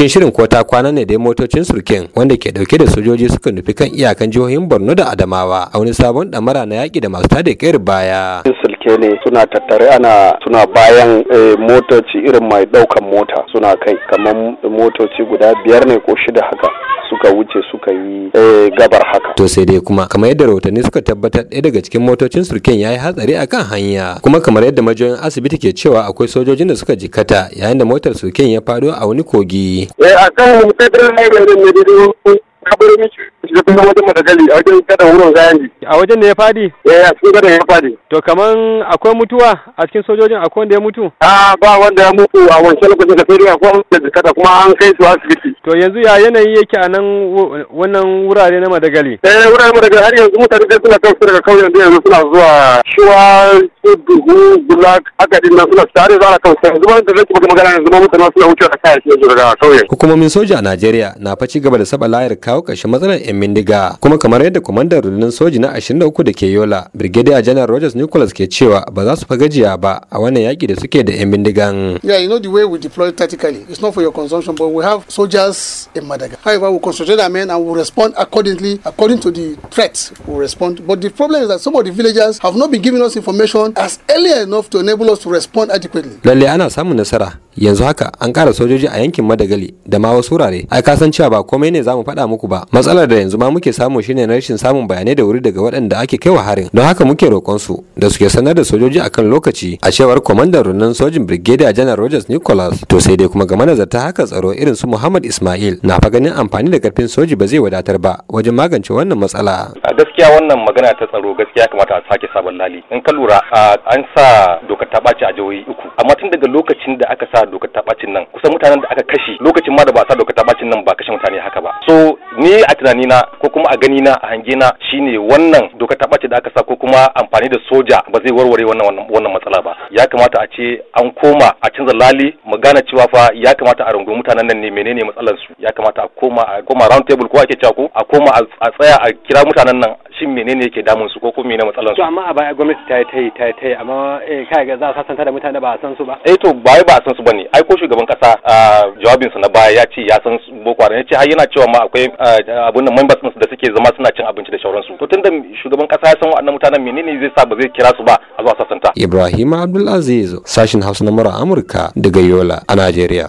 cikin shirin ko ta kwana ne dai motocin surkin wanda ke dauke da sojoji suka nufi kan iyakan jihohin borno da adamawa a wani sabon damara na yaki da masu tada kayar baya sulke ne suna tattare ana suna bayan eh, motoci irin mai daukan mota suna kai kamar motoci guda biyar ne ko shida haka suka wuce suka yi gabar haka to sai dai kuma kamar yadda rahotanni suka tabbatar ɗaya daga cikin motocin surken ya yi hatsari a kan hanya kuma kamar yadda majiyoyin asibiti ke cewa akwai sojojin da suka jikata yayin da motar surken ya faɗo a wani kogi eh ne da wajen a wajen wurin A wajen da ya fadi? Eh a cikin To kaman akwai mutuwa a cikin sojojin akwai wanda ya mutu? A ba wanda ya mutu a wancan lokacin da fere akwai wanda kuma an kai su asibiti. To yanzu ya yanayi yake a nan wannan wurare na madagali? Eh, wurare madagali har yanzu kan yanzu da zai kuma da Hukumomin soja a Najeriya na faci gaba da saba layar kawo kashe matsalar bindiga kuma kamar yadda kwamandan rundunar soji na 23 da ke yola brigadier general rogers nicholas ke cewa ba za su fa gajiya ba a wannan yaki da suke da 'yan bindigan yeah you know the way we deploy tactically it's not for your consumption but we have soldiers in madagascar however we concentrate our men and we respond accordingly according to the threats we respond but the problem is that some of the villagers have not been giving us information as early enough to enable us to respond adequately lalle ana samun nasara yanzu haka an kara sojoji a yankin madagali da ma wasu wurare ai ka san cewa ba komai ne zamu faɗa muku ba matsalar da yanzu ma muke samu shine na rashin samun bayanai da wuri daga waɗanda ake kaiwa harin don haka muke roƙon su da suke sanar da sojoji akan lokaci a cewar kwamandan rundunar sojin brigadier janar rogers nicholas to sai dai kuma ga manazarta haka tsaro irin su muhammad ismail na fa ganin amfani da karfin soji ba zai wadatar ba wajen magance wannan matsala a gaskiya wannan magana ta tsaro gaskiya kamata a sake sabon lali in ka lura an sa dokar ta ɓaci a jihohi uku amma tun daga lokacin da aka sa sa dokar ta bacin nan kusan mutanen da aka kashe lokacin ma da ba sa dokar ta bacin nan ba kashe mutane haka ba so ni a tunani na ko kuma a gani na a hange na shine wannan dokar ta bacin da aka sa ko kuma amfani da soja ba zai warware wannan wannan matsala ba ya kamata a ce an koma a canza lali mu gane cewa fa ya kamata a rungumi mutanen nan ne menene matsalar su ya kamata a koma a koma round table ko ake cewa ko a koma a tsaya a kira mutanen nan cin menene yake damun su ko kuma menene matsalar su amma a baya gwamnati ta yi ta yi ta yi amma eh, kai ga za a sasanta da mutane ba a san su ba eh to ba ba a san su bane ai ko shugaban kasa jawabinsa na baya ya ce ya san boko haram ya ce har yana cewa ma akwai abun nan members da suke zama suna cin abinci da sauransu to tunda shugaban kasa ya san wa'annan mutanen menene zai sa ba zai kira su ba a zuwa sasanta Ibrahim Abdulaziz sashin Hausa na mura Amurka daga Yola a Najeriya